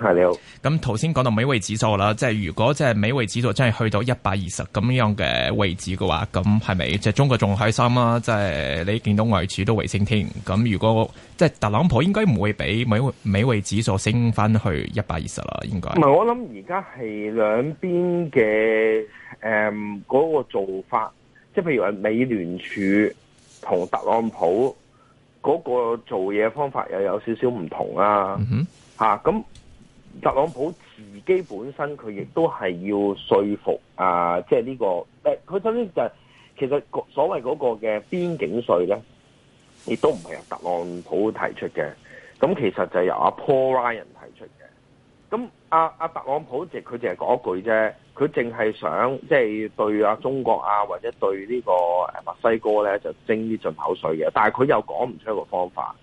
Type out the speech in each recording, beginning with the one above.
係你好，咁頭先講到美匯指數啦，即係如果即係美匯指數真係去到一百二十咁樣嘅位置嘅話，咁係咪即係中國仲開心啦、啊，即係你見到外儲都回升添。咁如果即係特朗普應該唔會俾美美匯指數升翻去一百二十啦，應該。唔係，我諗而家係兩邊嘅誒嗰個做法，即係譬如話美聯儲同特朗普嗰個做嘢方法又有少少唔同啦、啊。吓咁、嗯哼。啊特朗普自己本身佢亦都係要說服啊，即係呢個，誒，佢首先就係，其實所謂嗰個嘅邊境稅咧，亦都唔係由特朗普提出嘅，咁其實就係由阿 Paul Ryan 提出嘅。咁阿阿特朗普直佢淨係講一句啫，佢淨係想即係對阿中國啊，或者對呢個誒墨西哥咧，就徵啲進口稅嘅。但係佢又講唔出一個方法，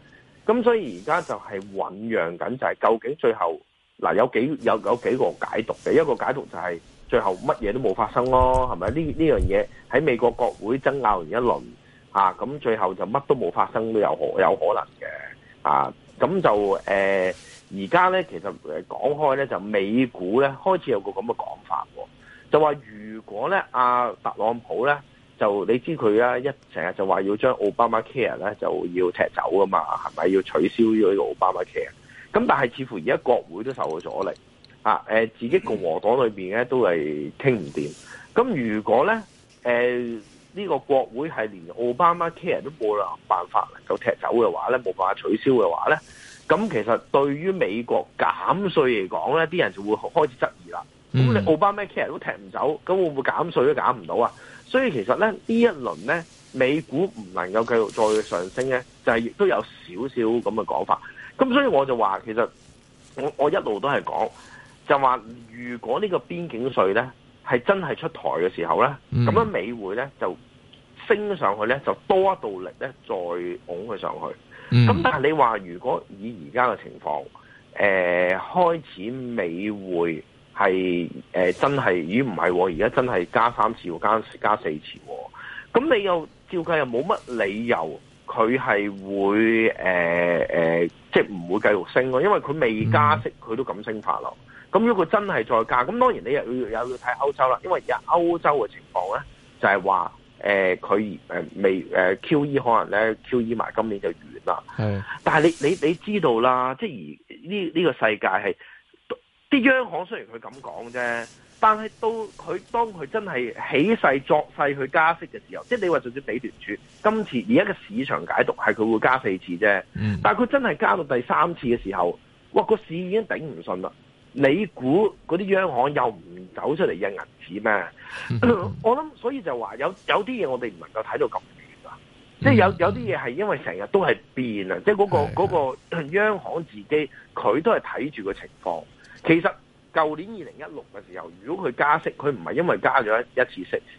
咁所以而家就係醞釀緊就係究竟最後。嗱有幾有有幾個解讀嘅，一個解讀就係最後乜嘢都冇發生咯，係咪？呢呢樣嘢喺美國國會爭拗完一輪，嚇、啊、咁最後就乜都冇發生都有可有可能嘅，嚇、啊、咁就誒而家咧，其實誒講開咧就美股咧開始有個咁嘅講法喎，就話如果咧阿、啊、特朗普咧，就你知佢咧一成日就話要將奧巴馬 care 咧就要踢走噶嘛，係咪要取消咗呢個奧巴馬 care？咁但係似乎而家國會都受到阻力啊、呃！自己共和黨裏面咧都係傾唔掂。咁、啊、如果咧呢、呃這個國會係連奧巴馬 care 都冇能辦法能夠踢走嘅話咧，冇辦法取消嘅話咧，咁其實對於美國減稅嚟講咧，啲人就會開始質疑啦。咁、嗯、你奧巴馬 care 都踢唔走，咁會唔會減稅都減唔到啊？所以其實咧呢一輪咧，美股唔能夠繼續再上升咧，就係、是、亦都有少少咁嘅講法。咁所以我就話，其實我我一路都係講，就話如果呢個邊境稅咧係真係出台嘅時候咧，咁樣、嗯、美匯咧就升上去咧，就多一度力咧，再拱佢上去。咁、嗯、但係你話，如果以而家嘅情況，誒、呃、開始美匯係誒真係，咦唔係，而家、哦、真係加三次、哦，加加四次、哦，咁你又照計，又冇乜理由。佢係會誒、呃呃、即係唔會繼續升咯，因為佢未加息，佢、嗯、都咁升法郎。咁如果佢真係再加，咁當然你又要又要睇歐洲啦，因為而家歐洲嘅情況咧就係話誒佢未誒、呃、QE 可能咧 QE 埋今年就完啦。是但係你你你知道啦，即係而呢呢、呢個世界係啲央行雖然佢咁講啫。但係到佢當佢真係起勢作勢去加息嘅時候，即係你話就算俾聯儲今次而家嘅市場解讀係佢會加四次啫。嗯、但係佢真係加到第三次嘅時候，哇個市已經頂唔順啦！你估嗰啲央行又唔走出嚟印銀紙咩？嗯、我諗所以就話有有啲嘢我哋唔能夠睇到咁遠噶，即係有有啲嘢係因為成日都係變啊！即係嗰個嗰個央行自己佢都係睇住個情況，其實。舊年二零一六嘅時候，如果佢加息，佢唔係因為加咗一次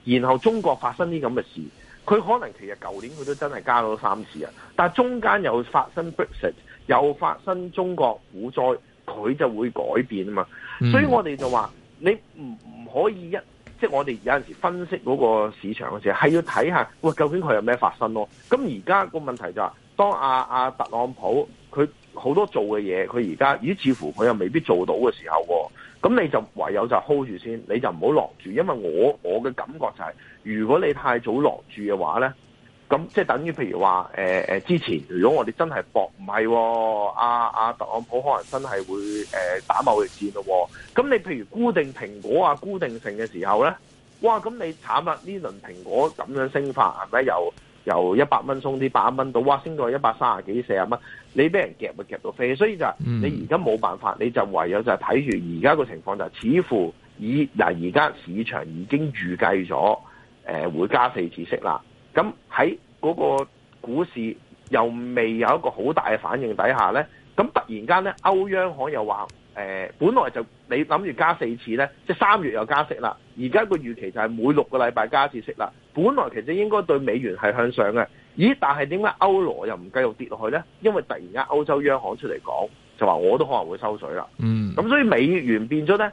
息，然後中國發生啲咁嘅事，佢可能其實舊年佢都真係加咗三次啊。但係中間又發生 Brexit，又發生中國股災，佢就會改變啊嘛。所以我哋就話你唔唔可以一，即係我哋有陣時分析嗰個市場嘅時候，係要睇下喂，究竟佢有咩發生咯。咁而家個問題就係當阿阿特朗普佢。好多做嘅嘢，佢而家咦？似乎佢又未必做到嘅時候，哦，咁你就唯有就 hold 住先，你就唔好落注，因為我我嘅感覺就係、是，如果你太早落注嘅話咧，咁即係等於譬如話誒誒之前，如果我哋真係搏唔係阿阿特朗普可能真係會誒、呃、打貿易戰咯，哦，咁你譬如固定蘋果啊固定性嘅時候咧，哇咁你慘啊，呢輪蘋果咁樣升法，係咪又？由一百蚊鬆啲百蚊到，哇，升到一百三十幾四十蚊，你俾人夾，咪夾到飛。所以就係你而家冇辦法，你就唯有就係睇住而家個情況，就似乎以嗱而家市場已經預計咗誒會加四次息啦。咁喺嗰個股市又未有一個好大嘅反應底下咧，咁突然間咧，歐央行又話。誒，本來就你諗住加四次呢，即係三月又加息啦。而家個預期就係每六個禮拜加一次息啦。本來其實應該對美元係向上嘅，咦？但係點解歐羅又唔繼續跌落去呢？因為突然間歐洲央行出嚟講，就話我都可能會收水啦。嗯，咁所以美元變咗呢，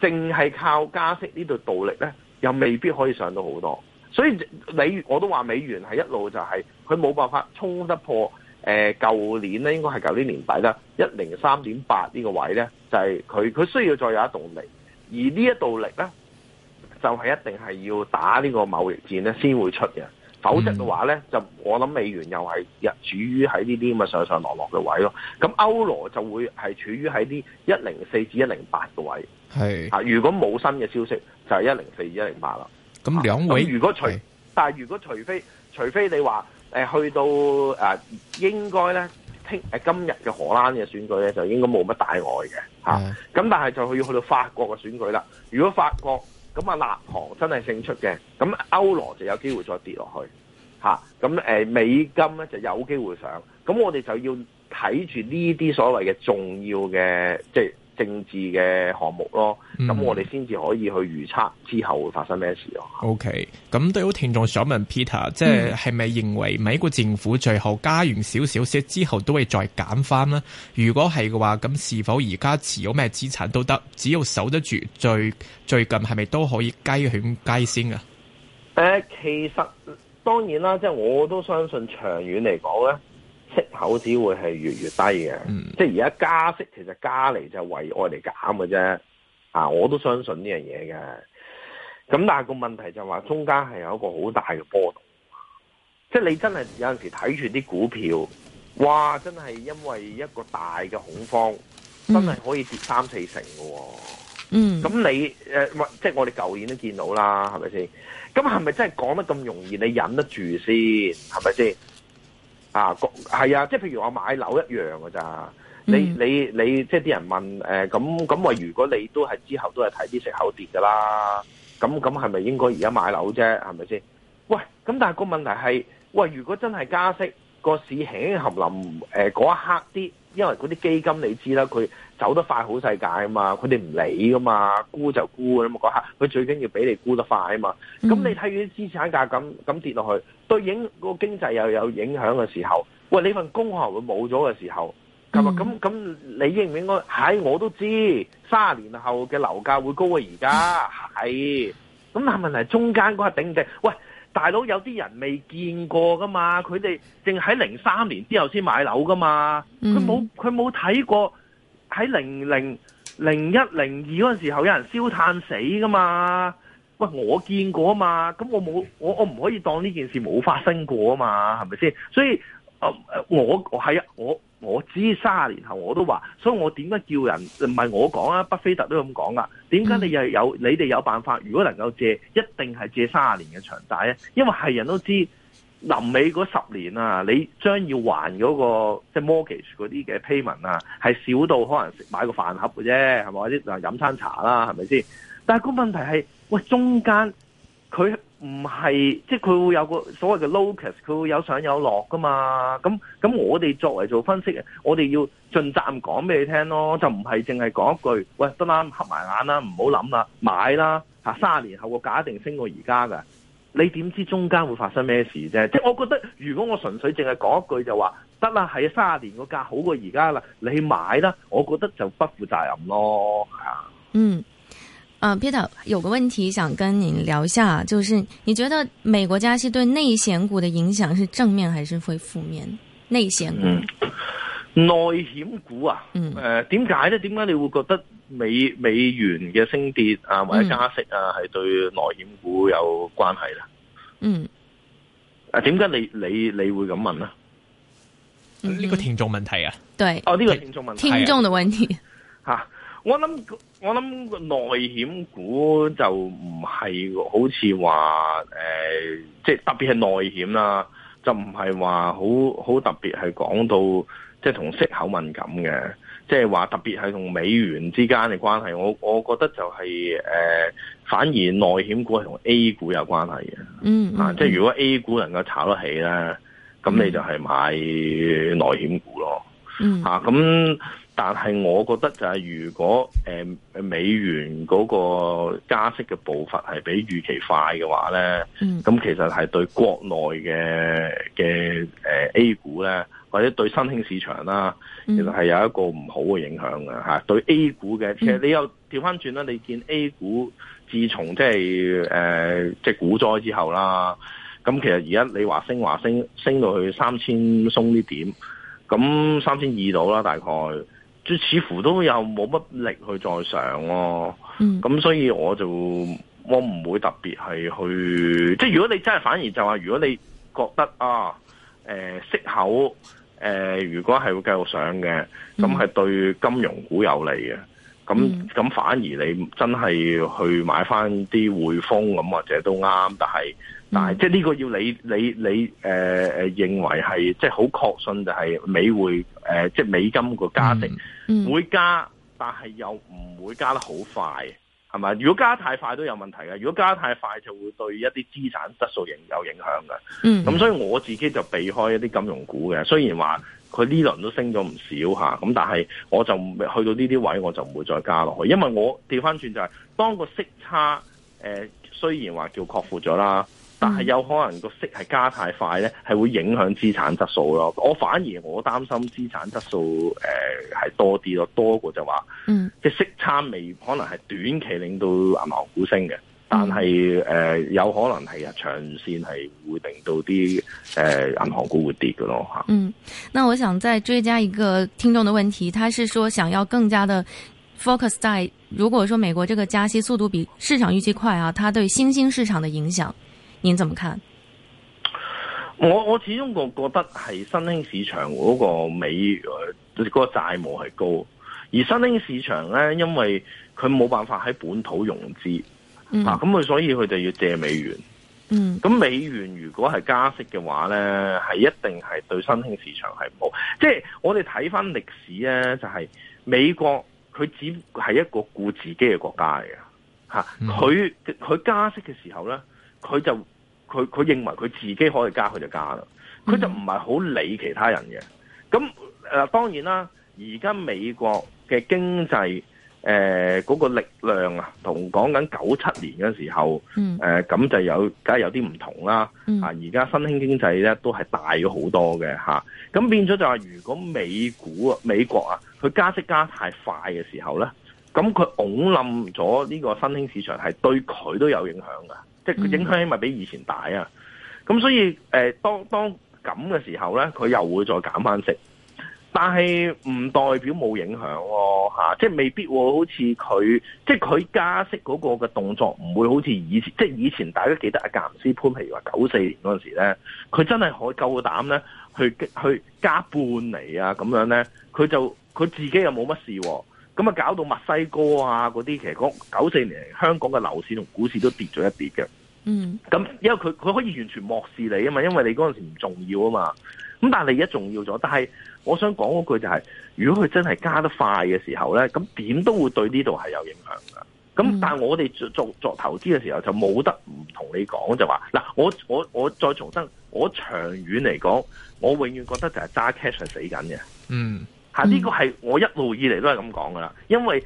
淨係靠加息呢度倒力呢，又未必可以上到好多。所以美我都話美元係一路就係佢冇辦法衝得破。誒舊、呃、年咧，應該係舊年年底啦，一零三點八呢個位咧，就係佢佢需要再有一道力，而這一力呢，一道力咧，就係、是、一定係要打呢個貿易戰咧先會出嘅，否則嘅話咧，就我諗美元又係日處於喺呢啲咁嘅上上落落嘅位咯，咁歐羅就會係處於喺啲一零四至一零八個位，係嚇是、啊。如果冇新嘅消息，就係一零四至一零八啦。咁兩位，啊、如果除，是但係如果除非，除非你話。誒去到啊，應該咧聽誒今日嘅荷蘭嘅選舉咧，就應該冇乜大礙嘅嚇。咁 Yeah.、啊、但係就去要去到法國嘅選舉啦。如果法國咁啊納航真係勝出嘅，咁歐羅就有機會再跌落去嚇。咁、啊、誒、啊、美金咧就有機會上。咁我哋就要睇住呢啲所謂嘅重要嘅即係。就是政治嘅項目咯，咁、嗯、我哋先至可以去預測之後會發生咩事咯、啊。OK，咁都有聽眾想問 Peter，即係係咪認為美國政府最後加完少少息，之後都會再減翻呢？如果係嘅話，咁是否而家持有咩資產都得，只要守得住最最近係咪都可以雞犬雞先嘅、啊呃？其實當然啦，即係我都相信長遠嚟講咧。息口只會係越越低嘅，嗯、即係而家加息，其實加嚟，就為我嚟減嘅啫。啊，我都相信呢樣嘢嘅。咁但係個問題就話，中間係有一個好大嘅波動。即係你真係有陣時睇住啲股票，哇！真係因為一個大嘅恐慌，真係可以跌三四成嘅、哦。嗯。咁你誒、呃，即係我哋舊年都見到啦，係咪先？咁係咪真係講得咁容易？你忍得住先，係咪先？啊，係啊，即係譬如我買樓一樣噶咋，你你你即係啲人問咁咁，呃、喂，如果你都係之後都係睇啲息口跌噶啦，咁咁係咪應該而家買樓啫？係咪先？喂，咁但係個問題係，喂，如果真係加息？個市起起冚林，嗰一刻啲，因為嗰啲基金你知啦，佢走得快好世界啊嘛，佢哋唔理㗎嘛，沽就沽啦嘛，嗰刻佢最緊要畀你沽得快啊嘛，咁你睇佢啲資產價，咁咁跌落去，對影嗰個經濟又有影響嘅時候，喂，你份工可能會冇咗嘅時候，咁啊咁咁，你認唔認該喺我都知，卅年後嘅樓價會高過而家，係。咁嗱，問題中間嗰下頂唔頂？喂！大佬有啲人未見過噶嘛，佢哋淨喺零三年之後先買樓噶嘛，佢冇佢冇睇過，喺零零零一零二嗰陣時候有人燒炭死噶嘛，喂，我見過啊嘛，咁我冇我我唔可以當呢件事冇發生過啊嘛，係咪先？所以啊我係啊我。我知三十年後我都話，所以我點解叫人唔係我講啊？巴菲特都咁講啊。點解你又有你哋有辦法？如果能夠借，一定係借三十年嘅長債啊！因為係人都知臨尾嗰十年啊，你將要還嗰、那個即係、就是、mortgage 嗰啲嘅 payment 啊，係少到可能食買個飯盒嘅啫，係咪？或者嗱飲餐茶啦，係咪先？但係個問題係，喂，中間佢。唔係，即佢會有個所謂嘅 locus，佢會有上有落噶嘛。咁咁，我哋作為做分析，我哋要盡責任講俾你聽咯。就唔係淨係講一句，喂，得啦，合埋眼啦，唔好諗啦，買啦吓，三十年後個價一定升過而家噶，你點知中間會發生咩事啫？即我覺得，如果我純粹淨係講一句就話，得啦，係三十年個價好過而家啦，你買啦，我覺得就不負責任咯，係啊。嗯。啊、uh, Peter，有個問題想跟你聊一下，就是你覺得美國加息對內險股的影響是正面還是會負面？內險股內險、嗯、股啊，嗯誒，點解咧？點解你會覺得美美元嘅升跌啊或者加息啊係、嗯、對內險股有關係咧？嗯，啊，點解你你你會咁問咧？呢個聽眾問題啊？對，哦，呢、呢個聽眾問題，聽眾的問題，吓、啊，我諗。我諗內險股就唔係好似話誒，即係特別係內險啦，就唔係話好好特別係講到即係同息口敏感嘅，即係話特別係同美元之間嘅關係。我我覺得就係誒，反而內險股係同 A 股有關係嘅、嗯。嗯，即係、啊、如果 A 股能夠炒得起咧？咁你就係買內險股咯。咁。但係，我覺得就係如果誒美元嗰個加息嘅步伐係比預期快嘅話咧，咁、嗯、其實係對國內嘅嘅 A 股咧，或者對新興市場啦，其實係有一個唔好嘅影響嘅、嗯、對 A 股嘅，其實你又調翻轉啦，你見 A 股自從即係即係股災之後啦，咁其實而家你話升話升升到去三千鬆啲點，咁三千二度啦，大概。似乎都有冇乜力去再上咯、啊，咁、嗯、所以我就我唔會特別係去，即、就是、如果你真係反而就話，如果你覺得啊，誒、呃、息口誒、呃、如果係會繼續上嘅，咁係對金融股有利嘅，咁咁、嗯、反而你真係去買翻啲匯豐，咁或者都啱，但係。但即係呢個要你你你誒誒、呃、認為係即係好確信就係美匯誒、呃，即係美金個價值會加，嗯嗯、但係又唔會加得好快，係咪？如果加太快都有問題嘅，如果加太快就會對一啲資產質素仍有影響嘅。咁、嗯、所以我自己就避開一啲金融股嘅。雖然話佢呢輪都升咗唔少嚇，咁但係我就去到呢啲位置我就唔會再加落去，因為我調翻轉就係、是、當個息差誒、呃，雖然話叫擴闊咗啦。但係有可能個息係加太快咧，係會影響資產質素咯。我反而我擔心資產質素誒係、呃、多啲咯，多過就話，即、嗯、息差未可能係短期令到銀行股升嘅，但係誒、呃、有可能係長線係會令到啲誒銀行股會跌㗎咯吓。嗯，那我想再追加一個聽眾的問題，他是說想要更加的 focus 在，如果說美國這個加息速度比市場預期快啊，它對新興市場的影響。你怎麼看？我我始終覺覺得係新興市場嗰個美、個債務係高，而新興市場咧，因為佢冇辦法喺本土融資，嗯、啊，咁佢所以佢就要借美元，嗯，咁美元如果係加息嘅話咧，係一定係對新興市場係唔好。即係我哋睇返歷史咧，就係、是、美國佢只係一個顧自己嘅國家嚟嘅，吓、啊，佢佢、嗯、加息嘅時候咧，佢就。佢佢認為佢自己可以加，佢就加啦。佢就唔係好理其他人嘅。咁誒、呃、當然啦，而家美國嘅經濟誒嗰、呃那個力量啊，同講緊九七年嘅時候誒咁、嗯呃、就有梗家梗係有啲唔同啦。嗯、啊，而家新興經濟咧都係大咗好多嘅嚇。咁、啊、變咗就係如果美股美國啊，佢加息加太快嘅時候咧，咁佢拱冧咗呢個新興市場，係對佢都有影響噶。嗯、即係影響咪比以前大啊？咁所以誒、呃，當當咁嘅時候咧，佢又會再減翻息，但係唔代表冇影響喎、啊啊、即係未必會好似佢，即係佢加息嗰個嘅動作唔會好似以前，即係以前大家記得阿格林斯潘，譬如話九四年嗰陣時咧，佢真係可夠膽咧去去加半厘啊咁樣咧，佢就佢自己又冇乜事喎、啊。咁啊，搞到墨西哥啊，嗰啲其實九四年香港嘅樓市同股市都跌咗一跌嘅。嗯，咁因為佢佢可以完全漠視你啊嘛，因為你嗰陣時唔重要啊嘛。咁但係而家重要咗，但係我想講嗰句就係、是，如果佢真係加得快嘅時候咧，咁點都會對呢度係有影響噶。咁、嗯、但係我哋做做投資嘅時候就，就冇得唔同你講就話嗱，我我我再重申，我長遠嚟講，我永遠覺得就係揸 cash 係死緊嘅。嗯。吓！呢個係我一路以嚟都係咁講噶啦，因為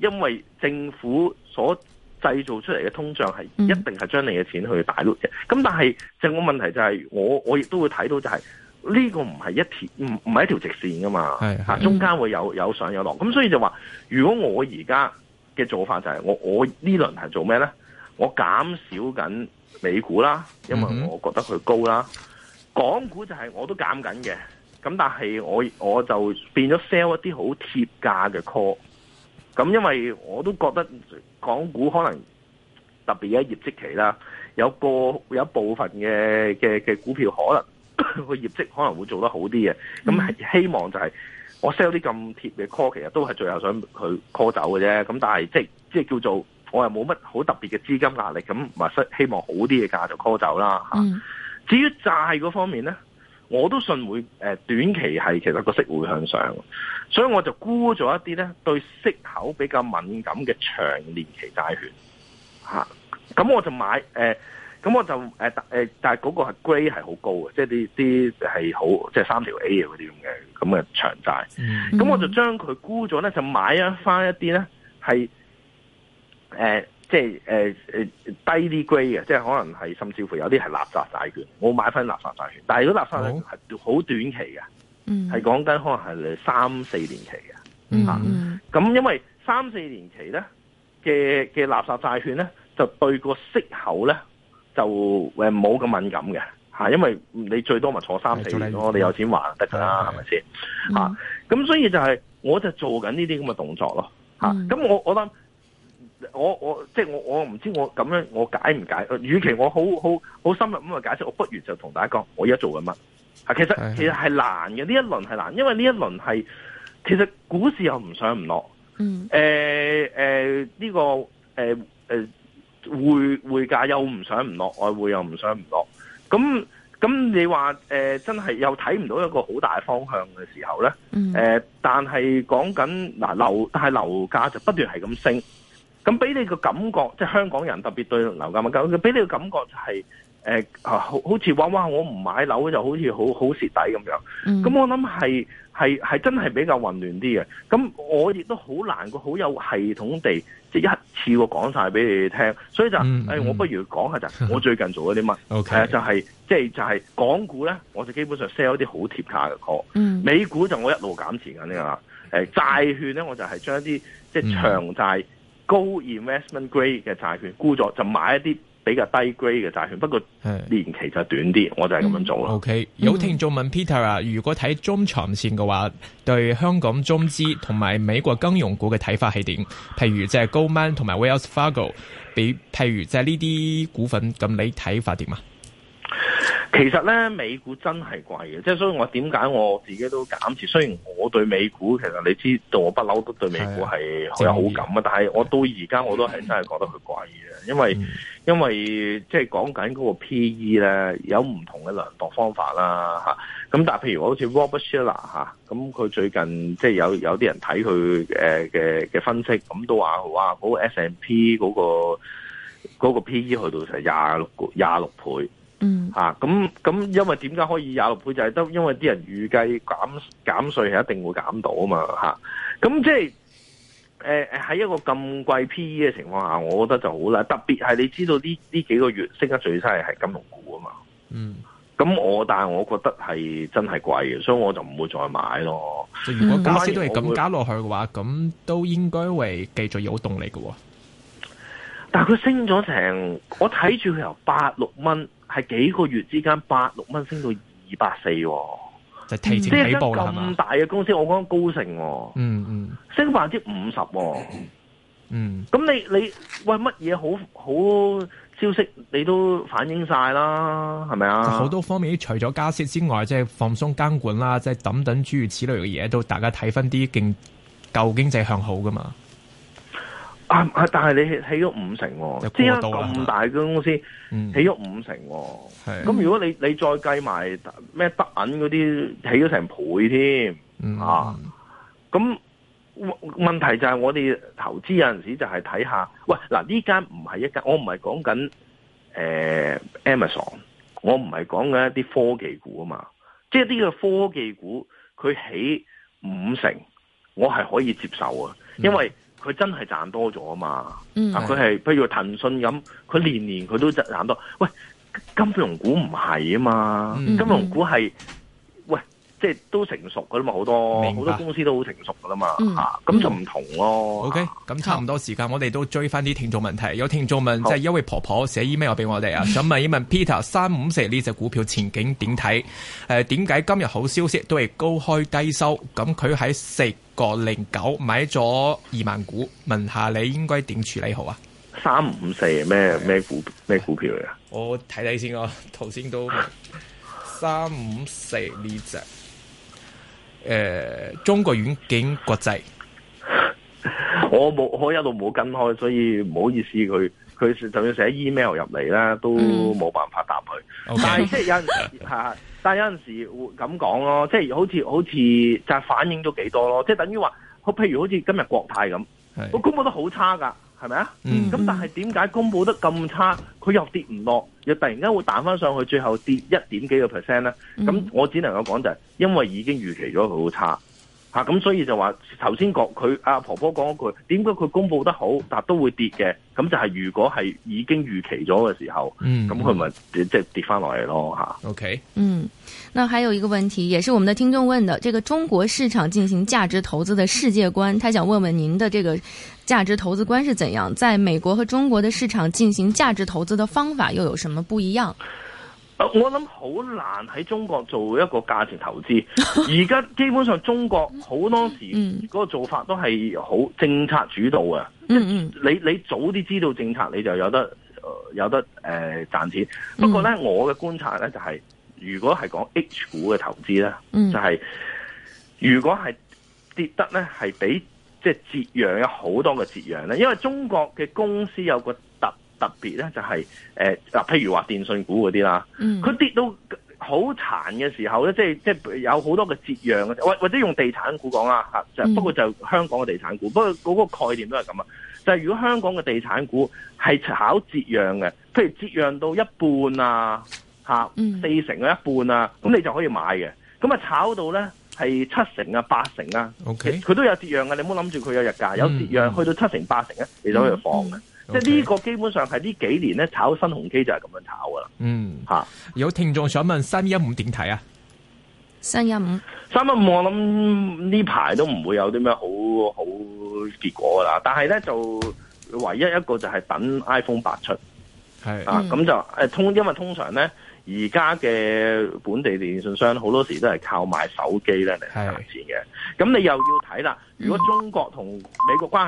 因為政府所製造出嚟嘅通脹係一定係將你嘅錢去大碌嘅。咁、嗯、但係正個問題就係、是，我我亦都會睇到就係、是、呢、這個唔係一條唔唔係一條直線噶嘛。嚇，中間會有有上有落。咁所以就話，如果我而家嘅做法就係我我呢輪係做咩咧？我減少緊美股啦，因為我覺得佢高啦。港股就係我都減緊嘅。咁但係我我就變咗 sell 一啲好貼價嘅 call，咁因為我都覺得港股可能特別嘅業績期啦，有個有一部分嘅嘅嘅股票可能個 業績可能會做得好啲嘅，咁希望就係我 sell 啲咁貼嘅 call，其實都係最後想佢 call 走嘅啫，咁但係即係即係叫做我又冇乜好特別嘅資金壓力，咁話希希望好啲嘅價就 call 走啦吓。至於債嗰方面咧。我都信會誒短期係其實個息會向上，所以我就沽咗一啲咧對息口比較敏感嘅長年期債券，吓、啊、咁、嗯、我就買誒咁、呃嗯、我就誒誒、呃呃、但係嗰個係 grade 係好高嘅，即係啲啲係好即係三條 A 啊嗰啲咁嘅咁嘅長債，咁、嗯嗯嗯、我就將佢沽咗咧就買啊返一啲咧係誒。即係誒誒低啲 grade 嘅，即係可能係甚至乎有啲係垃圾債券，我買翻垃圾債券，但係啲垃圾債券好、哦、短期嘅，係講緊可能係三四年期嘅咁、嗯嗯啊、因為三四年期咧嘅嘅垃圾債券咧，就對個息口咧就唔冇咁敏感嘅、啊、因為你最多咪坐三四年，我哋、嗯、有錢還得噶啦，係咪先？咁所以就係我就做緊呢啲咁嘅動作咯咁、啊嗯啊、我我諗。我我即係我我唔知我咁樣我解唔解？與其我好好好，好深入咁啊解釋，我不如就同大家講，我而家做緊乜？啊，其實的其實係難嘅，呢一輪係難，因為呢一輪係其實股市又唔上唔落，嗯，誒誒呢個誒誒匯匯價又唔上唔落，外匯又唔上唔落，咁咁你話誒、呃、真係又睇唔到一個好大方向嘅時候咧？誒、嗯呃，但係講緊嗱樓，但係樓價就不斷係咁升。咁俾你個感覺，即係香港人特別對樓價敏感。佢俾你個感覺就係、是呃，好似哇哇，我唔買樓就好似好好蝕底咁樣。咁、嗯、我諗係係係真係比較混亂啲嘅。咁我亦都好難過好有系統地即係一次過講晒俾你聽。所以就誒、是嗯嗯哎，我不如講下就 我最近做嗰啲乜，誒 Okay.、呃、就係即係就係、是、港股咧，我就基本上 sell 一啲好貼價嘅股。嗯、美股就我一路減持緊啲啦。誒、呃、債券咧，我就係將一啲即係長債。嗯嗯高 investment grade 嘅債券估咗，就買一啲比較低 grade 嘅債券。不過年期就短啲，嗯、我就係咁樣做啦。OK，有聽眾問 Peter 啊，如果睇中長線嘅話，對香港中資同埋美國金融股嘅睇法係點？譬如即係高曼同埋 Wells Fargo，比譬如即係呢啲股份，咁你睇法點啊？其實咧，美股真係貴嘅，即係所以我點解我自己都減持。雖然我對美股，其實你知道我不嬲都對美股係好有好感啊，的但係我到而家我都係真係覺得佢貴嘅，因為的因為即係講緊嗰個 P E 咧，有唔同嘅量度方法啦，吓、啊。咁但係譬如我好似 Robert Shiller 吓、啊，咁、啊、佢、啊、最近即係、就是、有有啲人睇佢誒嘅嘅分析，咁都話哇，嗰、嗰個 S&P 嗰、嗰個、嗰個 P E 去到成廿六廿六倍。嗯，吓咁咁，因為點解可以廿六倍就係、是、都因為啲人預計減減稅係一定會減到嘛啊嘛吓，咁即係誒誒喺一個咁貴 P E 嘅情況下，我覺得就好啦。特別係你知道呢呢幾個月升得最犀利係金融股啊嘛，嗯，咁我但係我覺得係真係貴嘅，所以我就唔會再買咯。嗯、如果加息都係咁加落去嘅話，咁都應該會繼續有動力嘅。但係佢升咗成，我睇住佢由八六蚊。係幾個月之間，八六蚊升到二百四，就提前起步啦。咁大嘅公司，吧我講高盛、啊、嗯嗯，升百分之五十，嗯，咁、啊嗯、你你為乜嘢好好消息你都反映晒啦，係咪啊？好多方面，除咗加息之外，即、就、係、是、放鬆監管啦，即、就、係、是、等等諸如此類嘅嘢，都大家睇翻啲勁，舊經濟向好噶嘛。但係你起咗五成、啊，即間咁大嘅公司、嗯、起咗五成、啊，咁、嗯、如果你你再計埋咩德銀嗰啲，起咗成倍添，啊，咁、嗯嗯啊、問題就係我哋投資有陣時就係睇下，喂，嗱呢間唔係一間，我唔係講緊誒 Amazon，我唔係講緊一啲科技股啊嘛，即係呢個科技股佢起五成，我係可以接受啊，嗯、因為。佢真係賺多咗啊嘛，嗱佢係，譬如騰訊咁，佢年年佢都賺多，喂，金融股唔係啊嘛，金融股係。即係都成熟噶啦嘛，好多好白多公司都好成熟噶啦嘛，吓咁、嗯啊、就唔同咯。OK，咁、嗯、差唔多時間，我哋都追翻啲聽眾問題。有聽眾問，即係好一位婆婆寫 email 俾我哋啊， 想問一問 Peter，三五四呢隻股票前景點睇？誒、呃，點解今日好消息都係高開低收？咁佢喺四個零九買咗二萬股，問下你應該點處理好啊？三五四咩咩股咩股票嚟噶？我睇睇先咯、啊，頭先都係三五四呢隻。 3, 5, 誒、呃，中國軟件國際，我冇，我一路冇跟開，所以唔好意思佢，佢就算寫 email 入嚟咧，都冇辦法答佢。嗯 okay. 但係即係有陣時吓， 但係有陣時會咁講咯，即係好似好似就係反映咗幾多咯，即係等於話，好譬如好似今日國泰咁，我估我都好差噶。係咪啊？咁、mm hmm. 但係點解公布得咁差？佢又跌唔落，又突然間會彈翻上去，最後跌一點幾個 percent 咧？咁、mm hmm. 我只能夠講就係，因為已經預期咗佢好差。啊，咁所以就話頭先講佢阿婆婆講一句，點解佢公布得好，但、啊、都會跌嘅？咁就係如果係已經預期咗嘅時候，咁佢咪即係跌翻落嚟？咯吓、就是啊、，OK，嗯，那還有一個問題，也是我們的聽眾問的，這個中國市場進行價值投資的世界觀，他想問問您的這個價值投資觀是怎樣？在美國和中國的市場進行價值投資的方法又有什麼不一樣？我諗好難喺中國做一個價值投資。而家基本上中國好多時嗰個做法都係好政策主導嘅。即係你你早啲知道政策，你就有得有得誒賺錢。不過咧，我嘅觀察咧就係，如果係講 H 股嘅投資咧，就係如果係跌得咧，係比即係折讓有好多嘅折讓咧，因為中國嘅公司有個。特別咧就係誒嗱，譬如話電信股嗰啲啦，佢、嗯、跌到好殘嘅時候咧，即係即係有好多嘅折讓，或或者用地產股講啊就係嗯、不過就香港嘅地產股，不過嗰個概念都係咁啊。就係、係、如果香港嘅地產股係炒折讓嘅，譬如折讓到一半啊四、啊、成嘅一半啊，咁、嗯、你就可以買嘅。咁啊炒到咧係七成啊八成啊，OK，佢都有折讓嘅，你唔好諗住佢有日價，有折讓去到七成、嗯、八成咧，你就可以放嘅。嗯嗯。即係呢個基本上係呢幾年咧炒新鴻基就係咁樣炒噶啦。嗯，吓有聽眾想問三一五點睇啊？三一五，三一五我諗呢排都唔會有啲咩好好結果噶啦。但係咧就唯一一個就係等 iPhone 八出係是、嗯、啊，咁就誒通因為通常咧而家嘅本地電信商好多時都係靠賣手機咧嚟賺錢嘅。咁是你又要睇啦，如果中國同美國關係？